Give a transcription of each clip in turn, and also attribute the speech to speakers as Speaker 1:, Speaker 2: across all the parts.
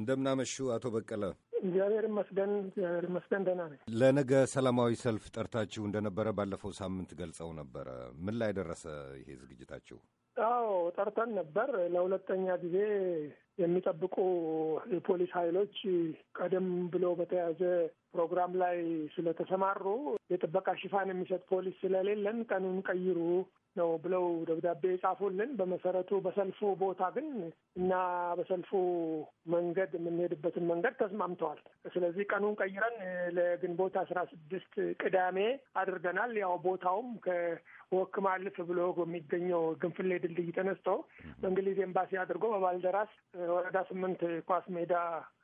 Speaker 1: እንደምናመሹ አቶ በቀለ።
Speaker 2: እግዚአብሔር ይመስገን፣ እግዚአብሔር ይመስገን ደህና ነኝ።
Speaker 1: ለነገ ሰላማዊ ሰልፍ ጠርታችሁ እንደነበረ ባለፈው ሳምንት ገልጸው ነበረ። ምን ላይ ደረሰ ይሄ ዝግጅታችሁ?
Speaker 2: አዎ ጠርተን ነበር። ለሁለተኛ ጊዜ የሚጠብቁ የፖሊስ ኃይሎች ቀደም ብሎ በተያዘ ፕሮግራም ላይ ስለተሰማሩ የጥበቃ ሽፋን የሚሰጥ ፖሊስ ስለሌለን ቀኑን ቀይሩ ነው ብለው ደብዳቤ ጻፉልን። በመሰረቱ በሰልፉ ቦታ ግን እና በሰልፉ መንገድ የምንሄድበትን መንገድ ተስማምተዋል። ስለዚህ ቀኑን ቀይረን ለግንቦት አስራ ስድስት ቅዳሜ አድርገናል። ያው ቦታውም ወክም አልፍ ብሎ የሚገኘው ግንፍሌ ድልድይ ተነስቶ በእንግሊዝ ኤምባሲ አድርጎ በባልደራስ ወረዳ ስምንት ኳስ ሜዳ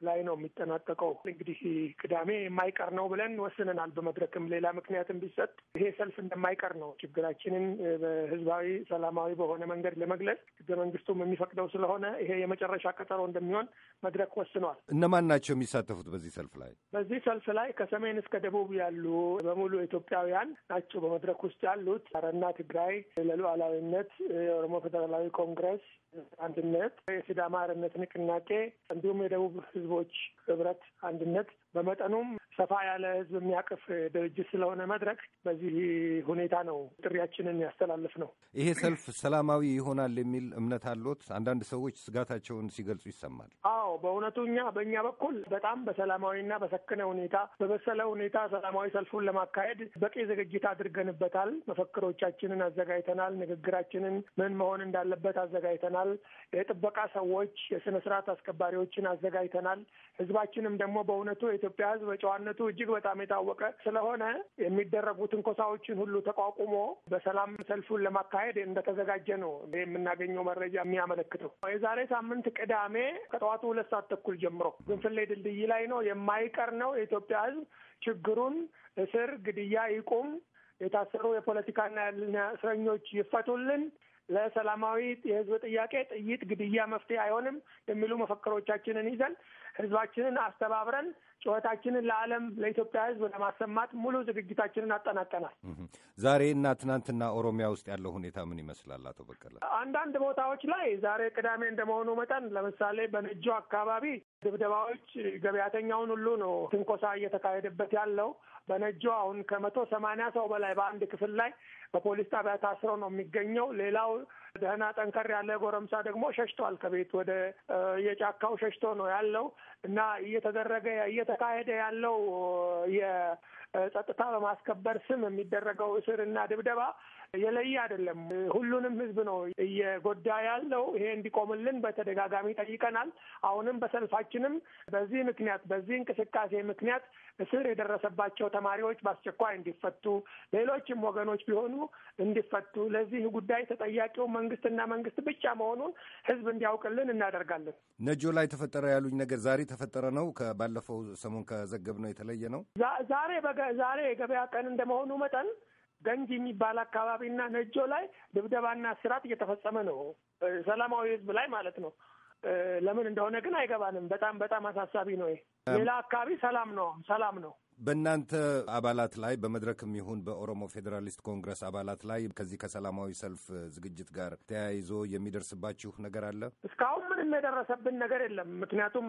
Speaker 2: ላይ ነው የሚጠናቀቀው። እንግዲህ ቅዳሜ የማይቀር ነው ብለን ወስነናል። በመድረክም ሌላ ምክንያትም ቢሰጥ ይሄ ሰልፍ እንደማይቀር ነው። ችግራችንን በህዝባዊ ሰላማዊ በሆነ መንገድ ለመግለጽ ህገ መንግስቱም የሚፈቅደው ስለሆነ ይሄ የመጨረሻ ቀጠሮ እንደሚሆን መድረክ ወስኗል።
Speaker 1: እነማን ናቸው የሚሳተፉት በዚህ ሰልፍ ላይ?
Speaker 2: በዚህ ሰልፍ ላይ ከሰሜን እስከ ደቡብ ያሉ በሙሉ ኢትዮጵያውያን ናቸው በመድረክ ውስጥ ያሉት። አማራና ትግራይ ለሉዓላዊነት፣ የኦሮሞ ፌዴራላዊ ኮንግረስ አንድነት፣ የሲዳማ አርነት ንቅናቄ እንዲሁም የደቡብ ህዝቦች ህብረት አንድነት በመጠኑም ሰፋ ያለ ህዝብ የሚያቅፍ ድርጅት ስለሆነ መድረክ በዚህ ሁኔታ ነው ጥሪያችንን ያስተላልፍ ነው።
Speaker 1: ይሄ ሰልፍ ሰላማዊ ይሆናል የሚል እምነት አሎት? አንዳንድ ሰዎች ስጋታቸውን ሲገልጹ ይሰማል።
Speaker 2: አዎ፣ በእውነቱ እኛ በእኛ በኩል በጣም በሰላማዊና በሰከነ ሁኔታ በበሰለ ሁኔታ ሰላማዊ ሰልፉን ለማካሄድ በቂ ዝግጅት አድርገንበታል። መፈክሮቻ ሪፖርቶቻችንን አዘጋጅተናል። ንግግራችንን ምን መሆን እንዳለበት አዘጋጅተናል። የጥበቃ ሰዎች፣ የስነ ስርዓት አስከባሪዎችን አዘጋጅተናል። ህዝባችንም ደግሞ በእውነቱ የኢትዮጵያ ህዝብ በጨዋነቱ እጅግ በጣም የታወቀ ስለሆነ የሚደረጉትን ኮሳዎችን ሁሉ ተቋቁሞ በሰላም ሰልፉን ለማካሄድ እንደተዘጋጀ ነው የምናገኘው መረጃ የሚያመለክተው። የዛሬ ሳምንት ቅዳሜ ከጠዋቱ ሁለት ሰዓት ተኩል ጀምሮ ግንፍሌ ድልድይ ላይ ነው። የማይቀር ነው። የኢትዮጵያ ህዝብ ችግሩን እስር፣ ግድያ ይቁም የታሰሩ የፖለቲካና ያልና እስረኞች ይፈቱልን፣ ለሰላማዊ የህዝብ ጥያቄ ጥይት ግድያ መፍትሄ አይሆንም የሚሉ መፈክሮቻችንን ይዘን ህዝባችንን አስተባብረን ጩኸታችንን ለዓለም ለኢትዮጵያ ህዝብ ለማሰማት ሙሉ ዝግጅታችንን አጠናቀናል።
Speaker 1: ዛሬ እና ትናንትና ኦሮሚያ ውስጥ ያለው ሁኔታ ምን ይመስላል? አቶ በቀለ፣
Speaker 2: አንዳንድ ቦታዎች ላይ ዛሬ ቅዳሜ እንደመሆኑ መጠን ለምሳሌ በነጆ አካባቢ ድብደባዎች ገበያተኛውን ሁሉ ነው ትንኮሳ እየተካሄደበት ያለው። በነጆ አሁን ከመቶ ሰማንያ ሰው በላይ በአንድ ክፍል ላይ በፖሊስ ጣቢያ ታስሮ ነው የሚገኘው። ሌላው ደህና ጠንከር ያለ ጎረምሳ ደግሞ ሸሽቷል። ከቤት ወደ የጫካው ሸሽቶ ነው ያለው እና እየተደረገ እየተካሄደ ያለው ጸጥታ በማስከበር ስም የሚደረገው እስርና ድብደባ የለየ አይደለም። ሁሉንም ህዝብ ነው እየጎዳ ያለው። ይሄ እንዲቆምልን በተደጋጋሚ ጠይቀናል። አሁንም በሰልፋችንም በዚህ ምክንያት በዚህ እንቅስቃሴ ምክንያት እስር የደረሰባቸው ተማሪዎች በአስቸኳይ እንዲፈቱ፣ ሌሎችም ወገኖች ቢሆኑ እንዲፈቱ፣ ለዚህ ጉዳይ ተጠያቂው መንግስትና መንግስት ብቻ መሆኑን ህዝብ እንዲያውቅልን እናደርጋለን።
Speaker 1: ነጆ ላይ ተፈጠረ ያሉኝ ነገር ዛሬ ተፈጠረ ነው። ከባለፈው ሰሞን ከዘገብ ነው የተለየ ነው።
Speaker 2: ዛሬ በገ ዛሬ የገበያ ቀን እንደመሆኑ መጠን ገንጅ የሚባል አካባቢና ነጆ ላይ ድብደባና እስራት እየተፈጸመ ነው፣ ሰላማዊ ህዝብ ላይ ማለት ነው። ለምን እንደሆነ ግን አይገባንም። በጣም በጣም አሳሳቢ ነው። ሌላ አካባቢ ሰላም ነው፣ ሰላም ነው።
Speaker 1: በእናንተ አባላት ላይ በመድረክም ይሁን በኦሮሞ ፌዴራሊስት ኮንግረስ አባላት ላይ ከዚህ ከሰላማዊ ሰልፍ ዝግጅት ጋር ተያይዞ የሚደርስባችሁ ነገር አለ?
Speaker 2: እስካሁን ምንም የደረሰብን ነገር የለም። ምክንያቱም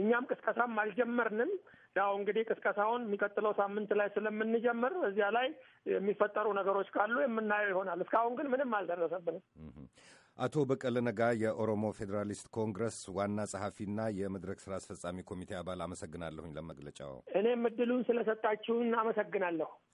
Speaker 2: እኛም ቅስቀሳም አልጀመርንም። ያው እንግዲህ ቅስቀሳውን የሚቀጥለው ሳምንት ላይ ስለምንጀምር እዚያ ላይ የሚፈጠሩ ነገሮች ካሉ የምናየው ይሆናል። እስካሁን ግን ምንም አልደረሰብንም።
Speaker 1: አቶ በቀለ ነጋ የኦሮሞ ፌዴራሊስት ኮንግረስ ዋና ጸሐፊና የመድረክ ስራ አስፈጻሚ ኮሚቴ አባል፣ አመሰግናለሁኝ ለመግለጫው።
Speaker 2: እኔም እድሉን ስለሰጣችሁን አመሰግናለሁ።